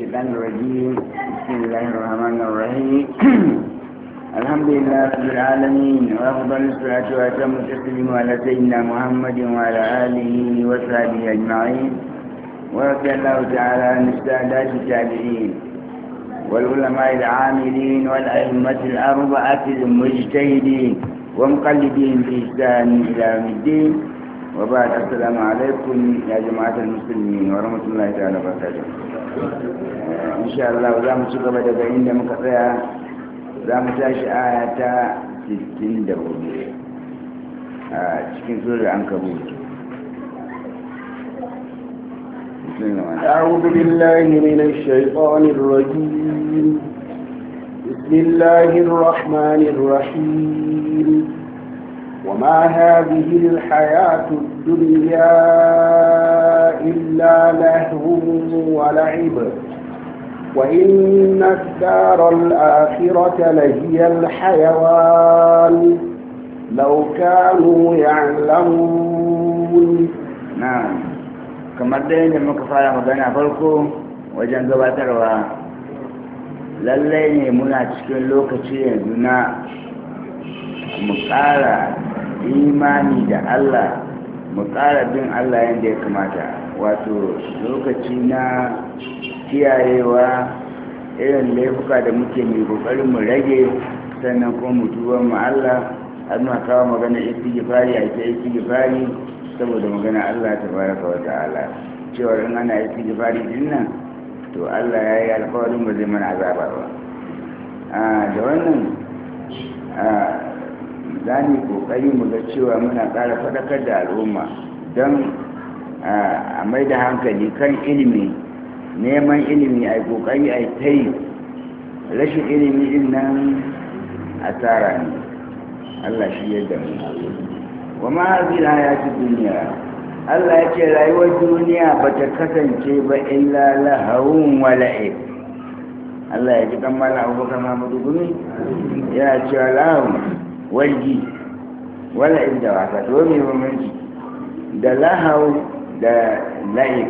الشيطان الرجيم بسم الله الرحمن الرحيم الحمد لله رب العالمين وأفضل الصلاة وأتم التسليم على سيدنا محمد وعلى آله وصحبه أجمعين ورضي الله تعالى عن السادات التابعين والعلماء العاملين والأئمة الأربعة المجتهدين ومقلدين في إحسان إلى يوم الدين وبعد السلام عليكم يا جماعة المسلمين ورحمة الله تعالى وبركاته إن شاء الله زام شكرا لك عند مكفية زام تاشي آية 64 cikin surar an kabu أعوذ بالله من الشيطان الرجيم بسم الله الرحمن الرحيم وما هذه الحياة الدنيا إلا لهو ولعب وإن الدار الآخرة لهي الحيوان لو كانوا يعلمون نعم كما دين المكفارة مدنة فرقو wajen gabatarwa lallai ne muna cikin lokaci yanzu na mu imani da Allah mu ƙara bin Allah yadda ya kamata wato lokaci na kiyayewa irin laifuka da muke mai kokarin mu rage sannan kuma mu tuba mu Allah har ma kawo magana istighfari a ta istighfari saboda magana Allah ta baraka wa ta'ala cewa in ana istighfari din nan to Allah ya yi alƙawarin ba zai mana azaba ba ah, da wannan ah, za mu kokari mu ga cewa muna ƙara faɗakar da al'umma don a mai da hankali kan ilimi neman ilimi a kokari a ta yi rashin ilimi din nan asara ne allah shi ya mu wa ma hazi na ya ci duniya allah ya ce rayuwar duniya ba ta kasance ba illa lahawun wala'ib allah ya ji kan mala abubakar mamadu gumi yana cewa lahawun wangi wala inda wasa to me mulki da lahau da laik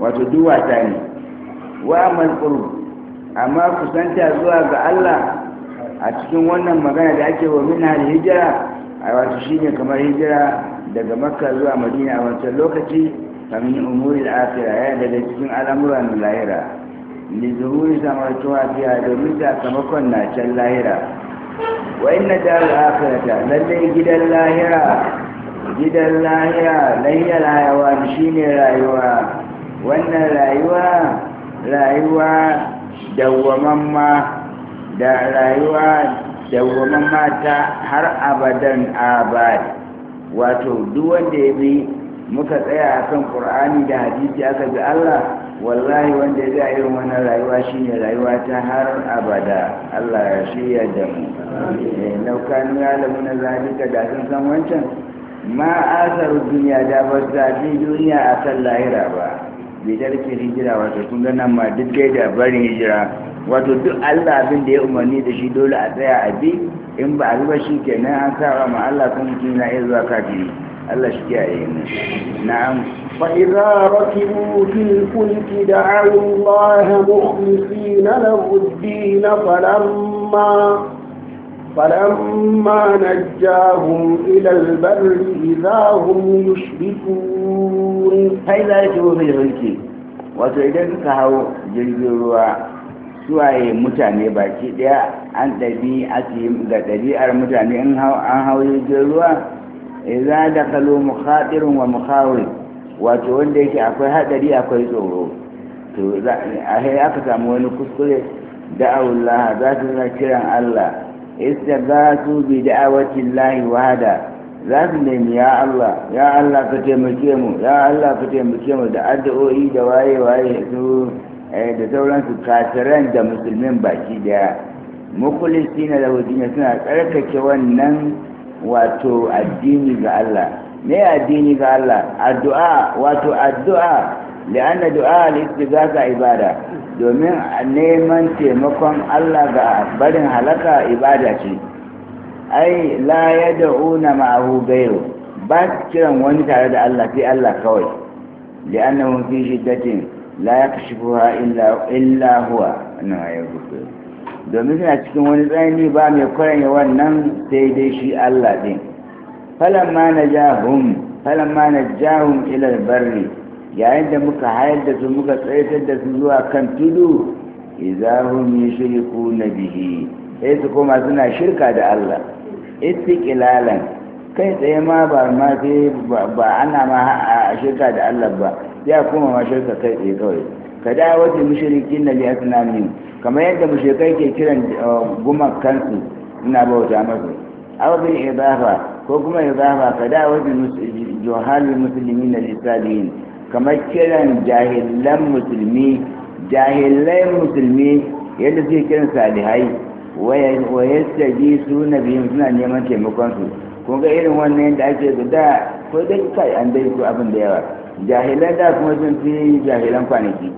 wato duwata ne wa man qurb amma kusanta zuwa ga Allah a cikin wannan magana da ake wa min hijira a wato shine kamar hijira daga makka zuwa madina a wancan lokaci kamin umuri al-akhirah ya daga cikin al'amuran lahira li zuhuri samartuwa fiya domin sakamakon na can lahira wa inna daru akhirata lalle gidan lahira gidan lahira lahira rayuwa shine rayuwa wannan rayuwa rayuwa dawwamamma da rayuwa dawwamamma ta har abadan abad wato duk wanda ya bi muka tsaya akan qur'ani da hadisi aka bi Allah wallahi wanda ya yi wa wani rayuwa shine rayuwa ta har abada Allah ya shirya da mu eh, laukanu ya lamu na zalika da sun san wancan ma tsaro duniya da ba zaɓi duniya a kan lahira ba bidar ke hijira wato kun ga nan ma duk kai da barin hijira wato duk Allah abin da ya umarni da shi dole a tsaya a bi in ba a ruba shi kenan an sa ma Allah kuma kina na iya zuwa kafiri Allah shi kiyaye mu na'am فإذا ركبوا في الفلك دعوا الله مخلصين له الدين فلما فلما نجاهم إلى البر إذا هم يشركون فإذا ركبوا في الفلك wato idan suka hau jirgin ruwa suwaye mutane baki ɗaya an ɗabi ga ɗabi'ar mutane an hau jirgin ruwa da kalo mukhatirin wa wato wanda yake akwai hadari akwai tsoro to a hai aka samu wani kuskure da'awullah za su na kiran Allah istighathu bi da'awati wahada za su nemi ya Allah ya Allah ka taimake mu ya Allah ka taimake mu da addu'o'i da waye waye su eh, da sauransu kafiran da musulmin baki daya na da dinan suna tsarkake wannan wato addini ga Allah me addini ga Allah addu'a wato addu'a li'anna du'a al-istighatha ibada domin neman taimakon Allah ga barin halaka ibada ce ai la yad'una ma'ahu ghayru ba kiran wani tare da Allah sai Allah kawai li'annahu fi shiddatin la yakshifuha illa illa huwa annahu domin suna cikin wani tsanani ba mai kwaranya wannan sai dai shi Allah din falamma najahum falamma najahum ila albarri yayin da muka hayar da su muka tsaitar da su zuwa kan tudu izahum na bihi sai su koma suna shirka da Allah istiqlalan kai tsaye ma ba ma sai ba ana ma a shirka da Allah ba ya kuma ma shirka kai tsaye kawai ka dawo da mushrikin na bi asnami kamar yadda mushrikai ke kiran gumakansu suna bauta masu aw bil ko kuma idafa ka da wajen juhalul muslimin na lissabihin kamar kiran jahilan musulmi jahilai musulmi yadda suke kiran salihai wa yastaji su nabiyin suna neman taimakon su kun ga irin wannan yadda ake da ko dai kai an dai ko abin da yawa jahilan da kuma sun fi jahilan kwanaki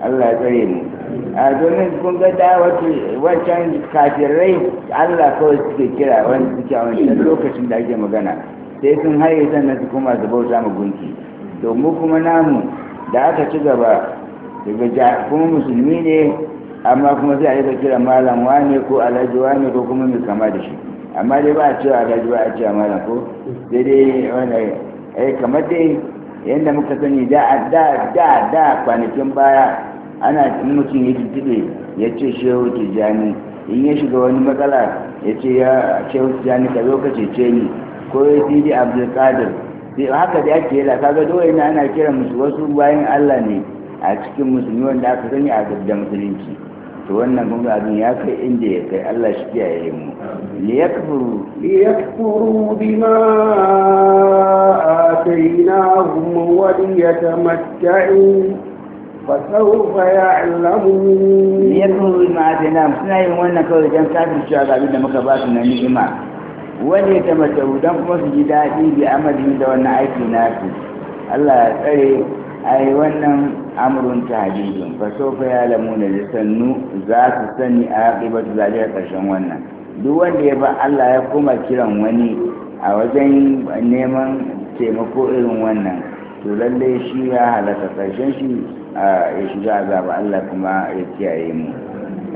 Allah ya tsare mu a domin kun ga da wancan kafirai Allah kawai suke kira wani suke a wancan lokacin da ake magana sai sun haye sannan su kuma su bauta mu gunki to mu kuma namu da aka ci gaba daga kuma musulmi ne amma kuma sai a yi kira malam wane ko alhaji wane ko kuma mai kama da shi amma dai ba a cewa alhaji ba a cewa malam ko sai dai wani ai eh, kamar dai yadda muka sani da da da kwanakin baya ana in mutum ya tuntube ya ce shehu tijjani in ya shiga wani matsala ya ce ya shehu tijjani ka zo ka cece ni ko ya sidi abdulkadir haka da ake yada kaga dole ne ana kira musu wasu bayan allah ne a cikin musulmi wanda aka sani a da musulunci to wannan kun abin ya kai inda ya kai allah shi kiyaye mu liyakfuru liyakfuru bima wa liyatamatta'u فسوف يعلمون يكفروا بما آتيناهم سنا yin wannan kawai dan kafir cewa ga abin da muka ba su na ni'ima Wani ya tamatau dan kuma su ji daɗi bi amalin da wannan aiki su. Allah ya tsare ai wannan amrun tahdidun fa sawfa ya'lamuna da sannu za su sani a aqibatu zalika karshen wannan duk wanda ya ba Allah ya koma kiran wani a wajen neman taimako irin wannan to lallai shi ya halaka karshen shi ya shiga azaba Allah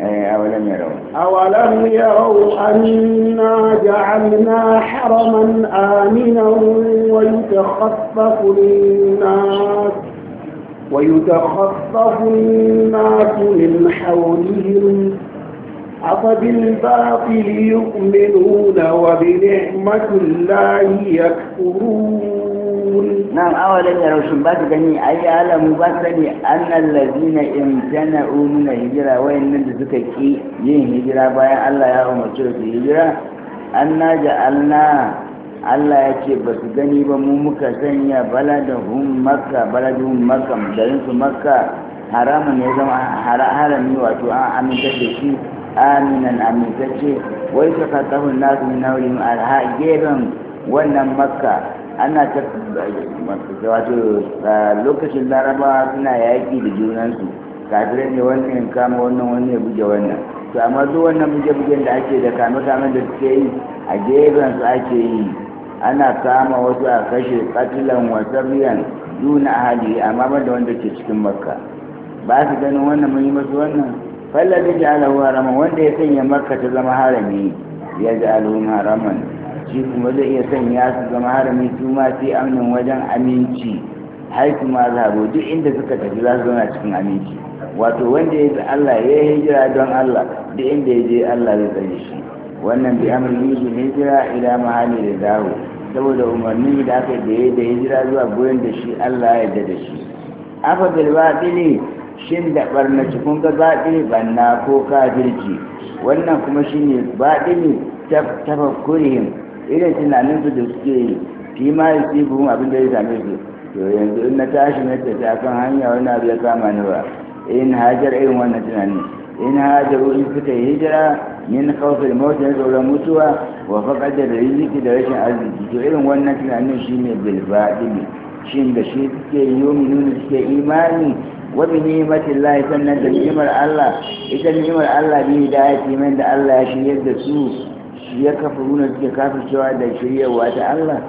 أولم يروا أولم يروا أنا جعلنا حرما آمنا ويتخفف الناس ويتخطف الناس من حولهم أفبالباطل يؤمنون وبنعمة الله يكفرون نعم أولم يروا شباك جميع أي أعلم بسني أن الذين امتنعوا من الهجرة وإن من ذكي ين هجرة بايا الله يا suka شرط yin hijira bayan Allah ya ce ba su gani ba mu muka sanya baladahun makka baladahun garin su maka haramun ya zama harami wato an aminta da shi aminan ce wai suka nasu na gefen wannan makka ana ta wato lokacin laraba suna yaƙi da junansu kafirai ne wannan kama wannan wani ya buge wannan to amma zo wannan buge-bugen da ake da kame-kame da suke yi a gefen su ake yi ana kama wasu a kashe katilan wasabiyan duna ahali amma ban da wanda ke cikin makka ba su ganin wannan mun yi masu wannan fallar da ji alawa wanda ya sanya makka ta zama harami ya ji alawa haraman shi kuma zai iya sanya su zama harami su ma sai amnin wajen aminci haiku ma zabo duk inda suka tafi za su zauna cikin aminci wato wanda ya bi Allah ya yi hijira don Allah duk inda ya je Allah zai tsare shi wannan bi amrin yuzu hijira ila mahali da dawo saboda umarni da aka da ya da hijira zuwa gurin da shi Allah ya da shi afa bil batili shin da barna cikin ga batili banna ko kafirci wannan kuma shine batili tafakkurihim irin tunanin su da suke yi shi ma ya ci buhun abin da ya same su to yanzu in na tashi na tafi a kan hanya wani abu ya kama ni ba in hajar irin wannan tunani in hajaru in suka yi hijira min kawfin mawata ya tsoron mutuwa wa faƙadar da riziki da rashin arziki to irin wannan tunanin shi ne bilbaɗi shin da shi suke yi nuna suke imani wabi ni'imatin Allah sannan da ni'imar Allah ita ni'imar Allah ne da ya da Allah ya shirya da su ya kafa nuna suke kafircewa da shiryarwa ta Allah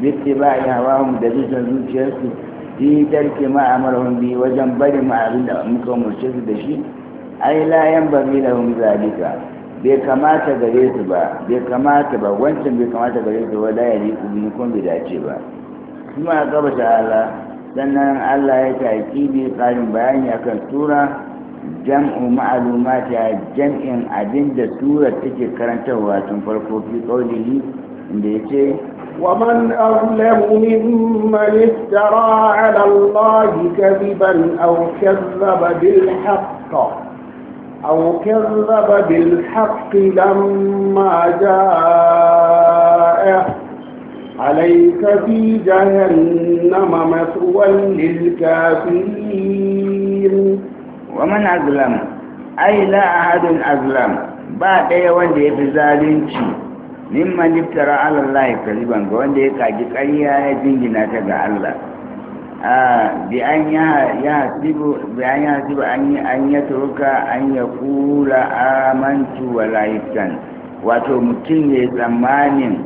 bitti ba ya hawa mu da bisan zuciyarsu yi tarke ma amarhum biyu wajen bari ma abin da muka murce su da shi ai la yan bari lahum zalika bai kamata gare su ba bai kamata ba wancan bai kamata gare su ba da ya riku bi kun bai dace ba kuma gaba ta Allah sannan Allah ya taƙi bi ƙarin bayani akan tura jam'u ma'alumati a jam'in abin da surar take karantarwa tun farko fi ƙaunihi da ya ce ومن أظلم ممن افترى على الله كذبا أو كذب بالحق أو كذب بالحق لما جاءه عليك في جهنم مثوى للكافرين wa man azlam ai la ahadun azlam ba ɗaya wanda ya fi zalunci mimman liftara alallahi kaliban ga wanda ya kaji ƙarya ya jingina ta ga Allah bi an ya hasibu an yi an ya turka an ya kula amantu wa laifin wato mutum ya tsammanin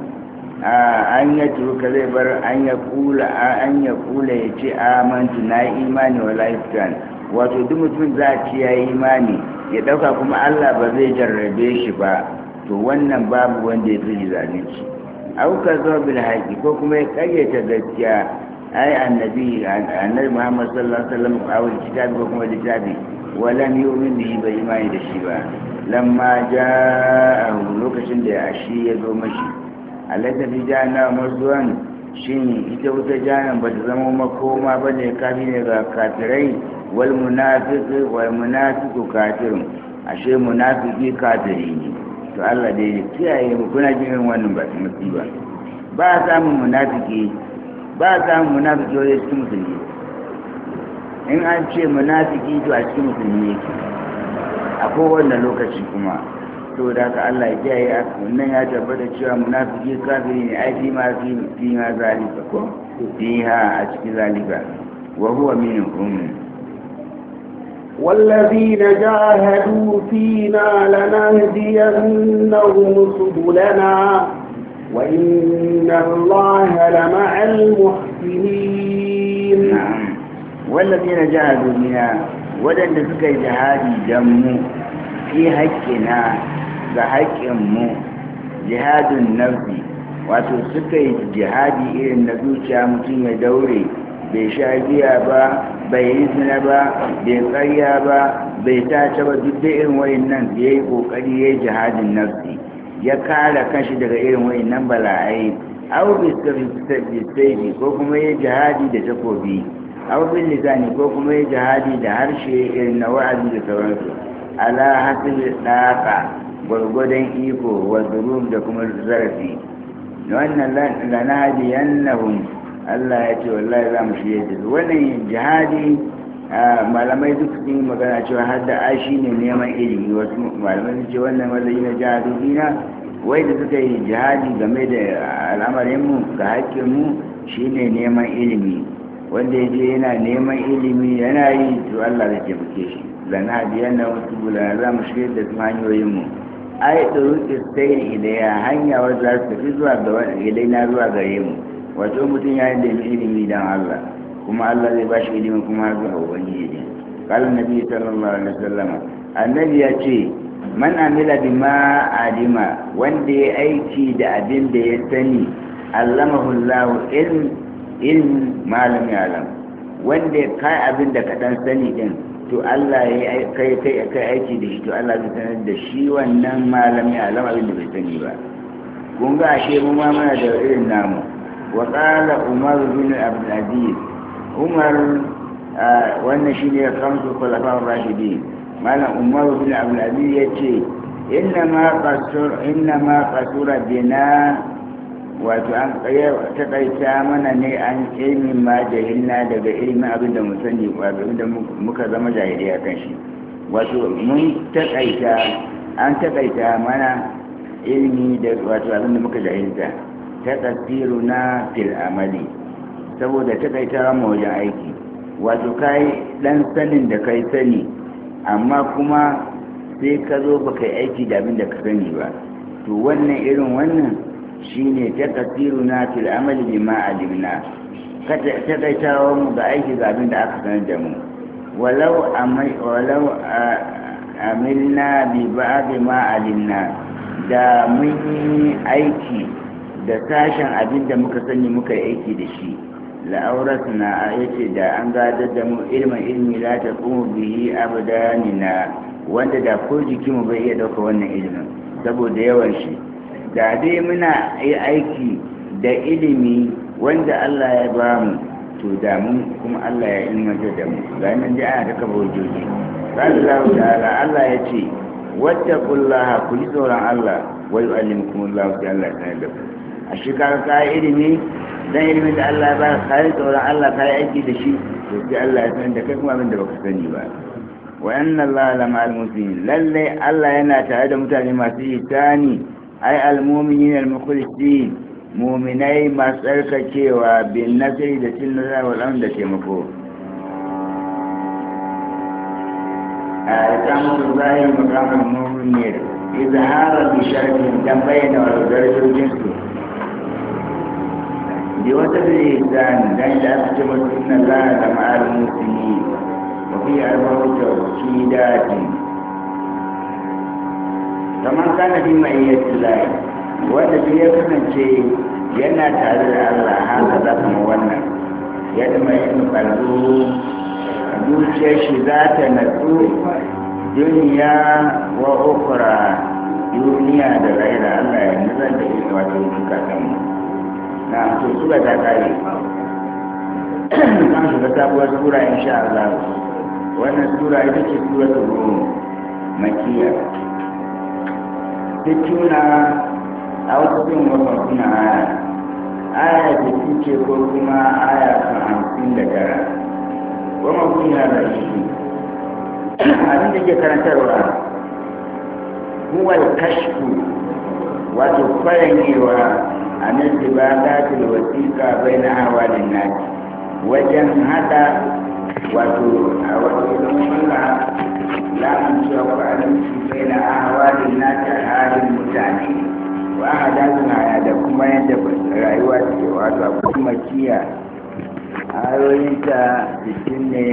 an ya turka zai bar an ya kula ya ce amantu na imani wa laifin wato duk mutum za a ci ya yi imani ya ɗauka kuma allah ba zai jarrabe shi ba to wannan babu wanda ya fi zalunci auka zo bil haƙi ko kuma ya karyata gaskiya ai annabi annabi muhammad sallallahu alaihi wasallam a kitabi ko kuma littafi walam yu'min bihi bai imani da shi ba lamma ja'ahu lokacin da ya shi ya zo mashi alaita fi jana mazuwan shin ita wuta jana ba zama makoma ba ne kafi ne ga kafirai wal munafiqu wal munafiqu kafirun ashe munafiki kafiri ne to Allah dai ya kiyaye mu kuna jin wannan ba musiba ba samun munafiki ba samun munafiki wajen cikin musulmi in an ce munafiki to a cikin musulmi yake a kowane lokaci kuma to da ka Allah ya kiyaye a wannan ya tabbata cewa munafiki kafiri ne ai fi ma fi fi ma zalika ko fi ha a cikin zalika wa huwa minhum والذين جاهدوا فينا لنهدينهم سبلنا وإن الله لمع المحسنين والذين جاهدوا بنا ودن سكا جهادي جمو في حقنا بحق أمه جهاد النبي wato suka yi jihadi irin na zuciya mutum ya daure bai sha ba bai yi zina ba bai karya ba bai ta ba duk da irin wayan nan da ya yi ƙoƙari ya yi jihadin nafsi ya kare kashi daga irin wayan nan bala'ai au bisabi ko kuma ya jihadi da takobi aubin lisani ko kuma ya jihadi da harshe irin na wa'azi da sauransu ala hasil daka gwargwadon iko wa da kuma zarafi wannan lanahadi yannahum Allah ya ce wallahi za mu shirya da wannan jihadi malamai duk sun yi magana cewa har da ashi ne neman ilimi wasu malamai sun ce wannan wallahi na jihadi dina wai da suka yi jihadi game da al'amarinmu ga haƙƙinmu shine neman ilimi wanda ya je yana neman ilimi yana yi to Allah zai taimake shi lana biyan na wasu bulana za mu shirya da su hanyoyinmu ai da ɗaruƙi sai ya hanya wadda za su tafi zuwa ga na zuwa gare mu wato mutum ya yi da ilimi dan Allah kuma Allah zai ba shi ilimi kuma har zuwa ubangiji ne قال النبي صلى الله عليه وسلم النبي يأتي man amila bima adima wanda ya aiki da abin da ya sani allamahullahu ilm ilm malam yalam wanda ya kai abin da ka dan sani din to Allah ya kai kai kai aiki da shi to Allah zai sanar da shi wannan malam yalam abin da bai sani ba kun ga ashe mu ma mana da irin namu وقال عمر بن عبد العزيز عمر آه وانا شيني خمس خلفاء الراشدين مالا عمر بن عبد العزيز يتي إنما قصر إنما قصر بنا وأن تقيتا منا ني عن علم ما جهلنا دقى علم أبدا مسني وأبدا مكذب جاهلية كنشي wato mun takaita an takaita mana ilimi da wato abinda muka jahilta ta tasiru na fil amali saboda ta kai ta wajen aiki wato kai dan sanin da kai sani amma kuma sai ka zo ba kai aiki da abin da ka sani ba to wannan irin wannan shine ta tasiru na fil amali ma alimna ta kai mu ga aiki ga abin da aka sani da mu walau amai walau amilna bi ma alimna da mun yi aiki da sashen abin da muka sani muka aiki da shi la'aurat na ya ce da an gadar da mu ilmin ilmi la ta kuma bihi abadanina wanda da ko jikinmu bai iya ɗauka wannan ilimin saboda yawan shi da dai muna aiki da ilimi wanda Allah ya ba mu to da mun kuma Allah ya ilmanta da mu ga nan dai ana taka bojoji sallallahu ta'ala Allah ya ce wattaqullaha kullaha kuli tsoron Allah wa allah ta'ala ta'ala a shekara ka yi ilimi dan ilimi da Allah ya ba ka yi tsoron Allah ka yi aiki da shi to sai Allah ya san da kai kuma abinda baka sani ba wa anna Allah la ma'al muslimin lalle Allah yana tare da mutane masu ihsani ai al mu'minin al mukhlisin mu'minai masu tsarkakewa bin nasri da cin nasara wal da taimako الأمر ظاهر مقام المؤمنين إظهارا بشرف لم بين ودرجة جنسه بوجب الإحسان لأن أحكم إن الله مع المسلمين وفي أربع توكيدات كما كان في مئية الله wanda duk ya kasance yana tare da Allah haka za kuma wannan yadda mai yin ƙarfi zuciyar shi za ta natsu duniya wa ukura duniya da raira Allah ya nazar da ita duka na to sura ta kare kan shiga sabuwar sura insha Allah wannan sura ita ce sura ta rum makiya tuna a wasu cin wasan suna aya aya da suke ko kuma aya kan hamsin da tara goma kuna da shi abin da ke karantarwa huwa kashfu wato kwaranyewa a nan ba ta tilwasika bai na awalin naki wajen hada wato a wato don kula lamun cewa kwanan bai na awalin naki a halin mutane wa hada suna da kuma yadda rayuwa take wato a kuma kiya ayoyinta sittin ne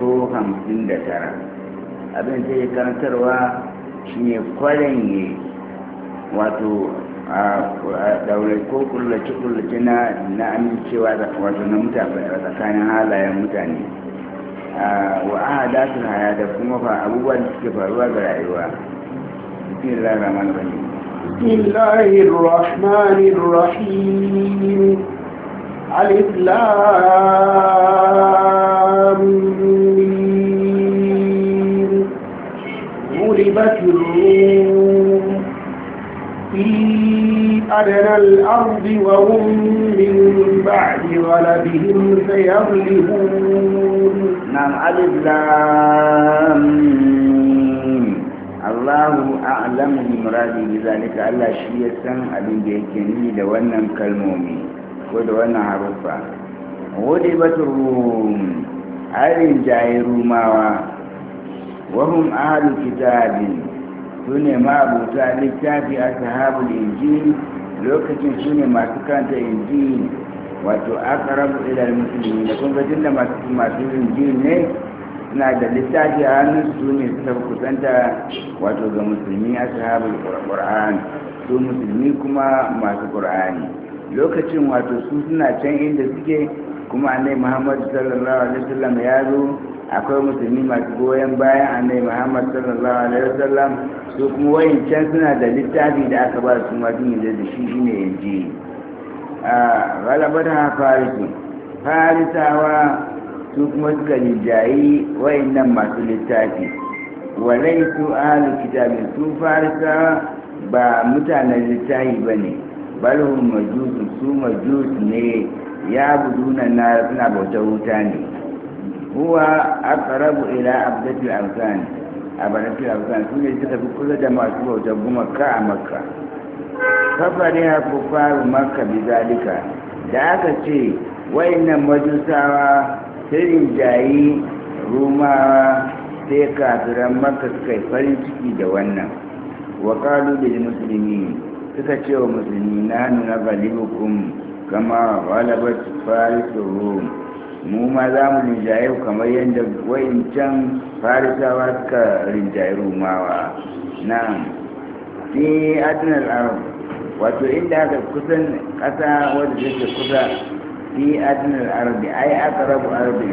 ko hamsin da tara abin da ya karantarwa shine kwarin wato daure ko kullace-kullace na amincewa wato na tsakanin halayen mutane wa ahada su haya da kuma fa abubuwan da suke faruwa ga rayuwa bismillah rahman rahim bismillah rahman rahim alif lam أدنى الأرض وهم من بعد غلبهم سيغلبون نعم ألف لام الله أعلم بمراد بذلك ألا شيء سن أبن بيكني لونا كالمومي ولونا حرفا غلبت الروم أهل جاي روماوا وهم أهل كتاب su ما أبو تالي كافي أصحاب الإنجيل lokacin shi ne masu kanta ne wato akarabu ilal musulmi da kun gajin da masu yin injini ne suna da littafi a hannun su ne suka kusanta wato ga musulmi a sahabar ƙur'an su musulmi kuma masu ƙur'ani lokacin wato su suna can inda suke kuma annai muhammadu sallallahu alaihi wasallam ya zo akwai musulmi masu goyon bayan annai muhammad sallallahu alaihi wasallam su kuma can suna da littafi da aka ba su masu yin da shi ne a galabar ha farisu farisawa su kuma suka wayan nan masu littafi walai su ahalu kitabin su farisawa ba mutanen littafi ba ne balhun majusu su majusu ne ya buduna na suna bautar wuta ne هو أقرب إلى عبدة الأوثان عبدة الأوثان سنة تتبقى كل جماعة وتبقى مكة مكة ففرها كفار مكة بذلك da aka ce wayannan سرين جاي روما rumawa sai kafiran maka suka farin ciki da wannan wa kalu bil musulmi suka ce wa musulmi na nuna galibukum kama farisu rum mu ma za mu rinjaye kamar yadda wayancan farisawa suka rinjaye rumawa na ni adinar arab wato inda aka kusan ƙasa wadda take kusa ni adinar arabi ai aka rabu arabi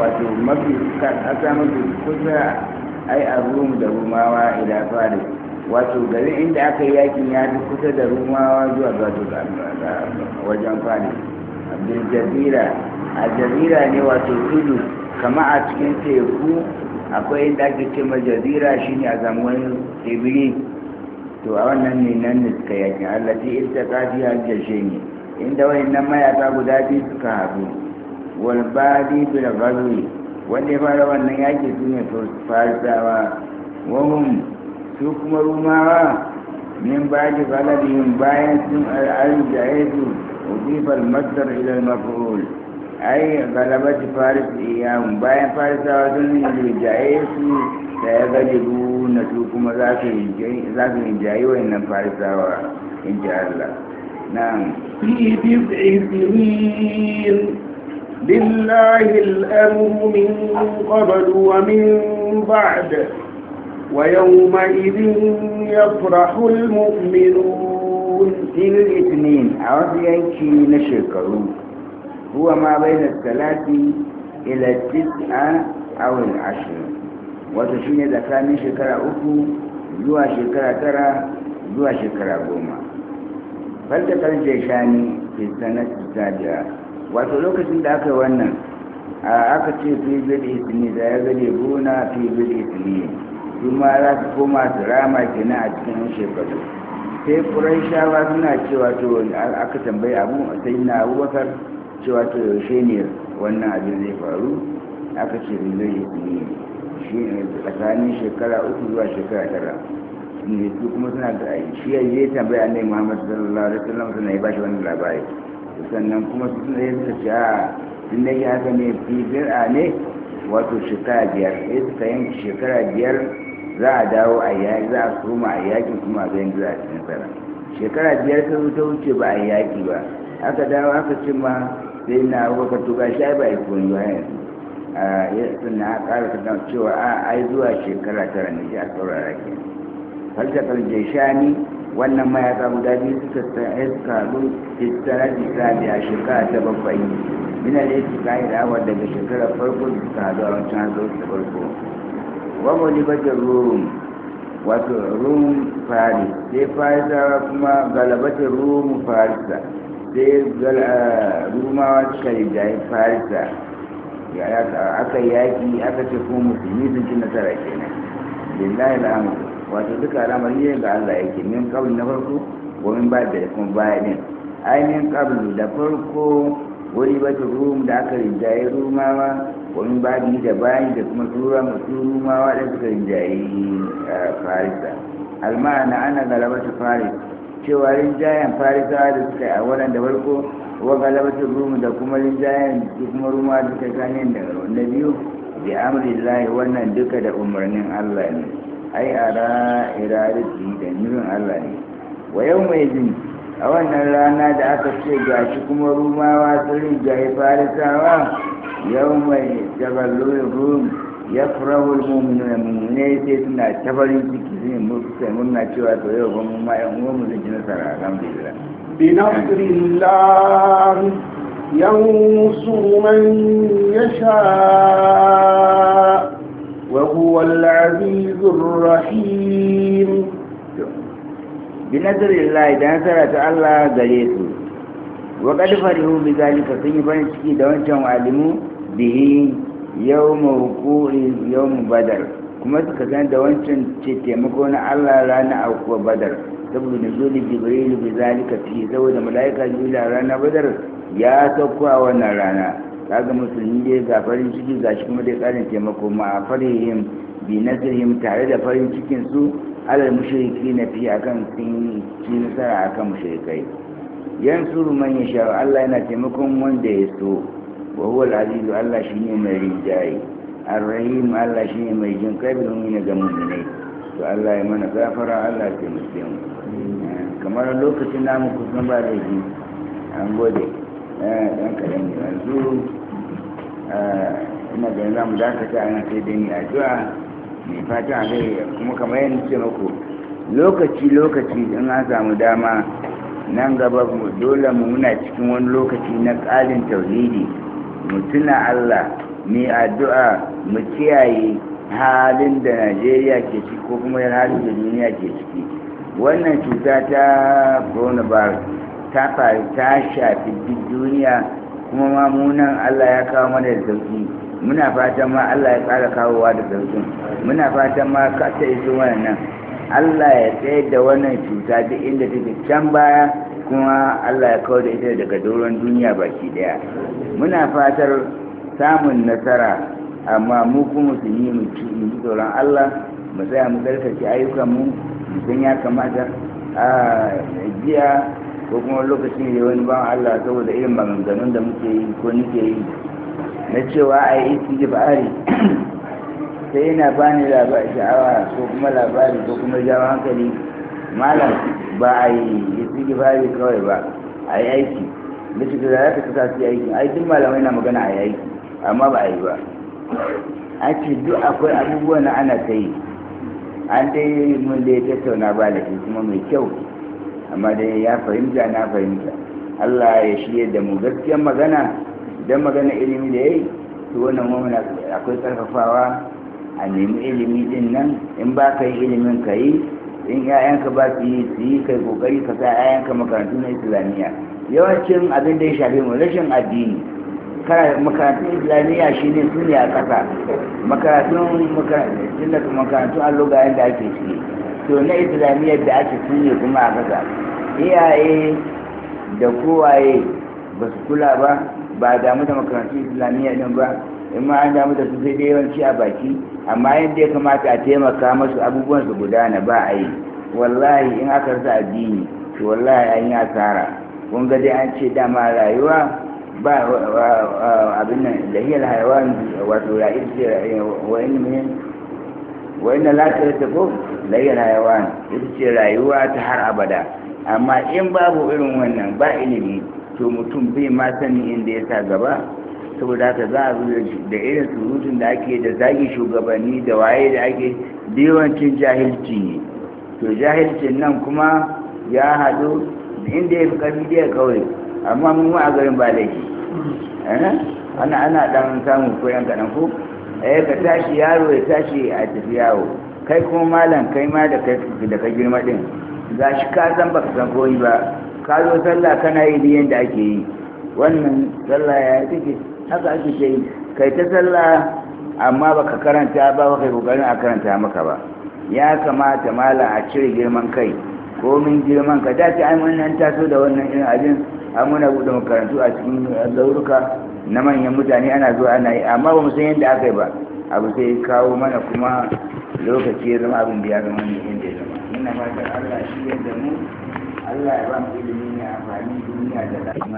wato mafi kasa mafi kusa ai a rum da rumawa ila faris wato garin inda aka yi yakin ya fi kusa da rumawa zuwa wajen faris abdul jazira a jazira ne wato tudu kama a cikin teku akwai inda ake ce ma jazira shine a zaman tebiri? to a wannan ne nan ne suka yakin allati istaqati al ne. inda wani nan mayaka guda biyu suka haɗu walbadi badi bil wanda ya fara wannan yaki su ne farisawa wahum su kuma rumawa min ba'di ghalabihim bayan sun al-jahidu udifal masdar ila al ai galabati faris iyamu bayan farisawa sun rinjaye su da ya gaji na su kuma za su rinjaye wannan farisawa in ji Allah Na fi bid'i sinin lillahi al'amru min qablu wa min ba'd wa yawma idhin yafrahu al-mu'minun til itnin a wasu yanki na shekaru Huwa ma bai da salasi eletris a aure ashirin. Wata shine tsakanin shekara uku, zuwa shekara tara, zuwa shekara goma. Fanta zan je shani ke tsanar su ta jira. Wacce lokacin da aka wannan? A aka ce firgida idiline za a yi gani, ko na firgida idiline? Ku ma za su koma tsara a cikin wuce faɗo. Tsefurai shawa suna cewa to aka tambayi abu sai na abubakar. cewa to yaushe ne wannan abin zai faru aka ce bin zai yi ne shi ne tsakanin shekara uku zuwa shekara tara ne su kuma suna da ayi shi ya yi tambaya ne muhammadu sallallahu alaihi wasallam suna yi ba shi wannan labari sannan kuma su suna yi suka ce a tun da haka ne fi a ne wato shekara biyar ya suka yanki shekara biyar za a dawo a yaki za a koma a yaki kuma a yanzu za a ci nasara shekara biyar ta wuce ba a yaki ba aka dawo aka ce ma sai na abubakar to gashi ai ba yi koyi ba yanzu a yasin na ƙara kasan cewa a ai zuwa shekara tara ne a saurara ke falsafar jeshani wannan mayaka guda biyu suka iska tsakalu tattara jisali a shekara ta bakwai mina ne su kayi rawa daga shekarar farko da suka hadu a wancan hanzar su farko wabo libatar rum wato rum faris sai farisawa kuma galabatar rum farisa sai rumawa suka rijayi farisa aka yaki aka ce ko musulmi sun ci nasara kenan lillahi lamu wato duka al'amar yin ga allah yake min kabin na farko ko min ba da kuma baya din ai min kabin da farko wani bata rum da aka rinjaye rumawa wani ba da bayan da kuma tura masu rumawa da suka rinjaye eh, farisa almana ana ta farisa cewa rinjayen farisa da suka yi a da farko wa galabatin rumu da kuma rinjayen da kuma ruma da suka gane da na biyu bi lillahi wannan duka da umarnin Allah ne ai ara iradati da nurin Allah ne wa yau mai jin a wannan rana da aka ce ga shi kuma rumawa sun rinjaye farisawa yau mai jabalun rumu ya farawar mummuna ya sai suna ta farin ciki sai musa murna cewa to yau ba mu ya yan mu zai ji nasara alhamdulillah bi nasrillah ينصر من يشاء وهو العزيز الرحيم بنظر الله إذا نصرت الله قريته وقد فرحوا بذلك سيبان شكي يوم وقوع يوم badar, kuma suka san da wancan ce taimako na Allah rana a kuwa badar saboda da jibril bi zalika fi saboda malaika jibril a rana badar ya sauko a wannan rana kaga musulmi dai ga farin ciki gashi kuma dai karin taimako ma farihim bi nasrihim tare da farin cikin su alal mushriki na fi akan sun ci nasara akan mushrikai yansuru man yasha Allah yana taimakon wanda ya so وهو العزيز الله شيء Allah shine mai الله شيء rahim Allah shine mai jin kai bil mu'mina ga mu'minai to Allah ya mana gafara da dan yanzu ina dakata sai lokaci-lokaci in an dama nan gaba dole mu muna cikin wani lokaci na ƙalin tauhidi mu tuna Allah mu addu'a mu kiyaye halin da Najeriya ke ciki ko kuma halin da duniya ke ciki wannan cuta ta coronavirus ta faru ta shafi duk duniya kuma ma munan Allah ya kawo mana da sauki muna fatan ma Allah ya ƙara kawowa da sauki muna fatan ma ka ta iso wannan Allah ya tsayar da wannan cuta duk inda take can baya kuma Allah ya kawo da ita daga doron duniya baki daya muna fatar samun nasara amma mu kuma su yi mu ci tsoron Allah mu tsaya mu karkace ayyukanmu mu san ya kamata a jiya ko kuma lokacin da wani ban Allah saboda irin maganganun da muke yi ko nake yi na cewa a yi istijibari sai yana bani labari sha'awa ko kuma labari ko kuma jawo hankali malam ba a yi istighfari kawai ba a yi aiki da shi da ya fita su su aiki yi duk malamai na magana a yi aiki amma ba a yi ba a ce duk akwai abubuwan na ana ta yi an dai mun ya tattauna ba da shi kuma mai kyau amma dai ya fahimta na fahimta Allah ya shirya da mu gaskiyar magana idan magana ilimi da yayi to wannan mamuna akwai karfafawa a nemi ilimi din nan in ba ka yi ilimin ka yi in 'ya'yanka ba su yi su yi kai kokari ka sa ƴaƴanka makarantu na islamiyya yawancin abin da ya shafi mu rashin addini makarantun islamiyya shine su ne a ƙasa makarantun makarantun loga da ake ciki to na islamiyya da ake su ne kuma a ƙasa iyaye da kowaye ba su kula ba ba damu da makarantun islamiyya din ba in ma an damu da su sai dai yawanci a baki amma yadda ya kamata a taimaka masu abubuwan su gudana ba a yi wallahi in aka rasa addini to wallahi an yi asara kun ga dai an ce dama rayuwa ba abin nan da hiyar haiwan wato ya ce eh, wa inna lafiyar ta ko da hiyar ita ce rayuwa ta har abada amma in babu irin wannan ba ilimi to mutum bai ma sani inda ya sa gaba saboda haka za a zuwa da irin surutun da ake da zagi shugabanni da waye da ake yawancin jahilci ne to jahilcin nan kuma ya haɗu inda ya fi ƙarfi da kawai amma mun a garin ba laifi eh? ana ana ɗan samun koyan kaɗan ko eh ka tashi yaro ya tashi a tafi yawo kai kuma malam kai ma da kai girma ɗin ga shi ka san ba ka san koyi ba ka zo sallah kana yi da yadda ake yi wannan sallah ya take haka ake ce kai ta sallah amma baka karanta ba baka kokarin a karanta maka ba ya kamata malam a cire girman kai komin girman ka da ta an taso da wannan irin abin an muna buɗe makarantu a cikin zauruka na manyan mutane ana zuwa ana yi amma ba mu san yadda aka yi ba abu sai kawo mana kuma lokaci ya zama abin biya zama ne inda ya zama muna fatan Allah shi yadda mu Allah ya ba mu ilimi ne amfani duniya da lafiya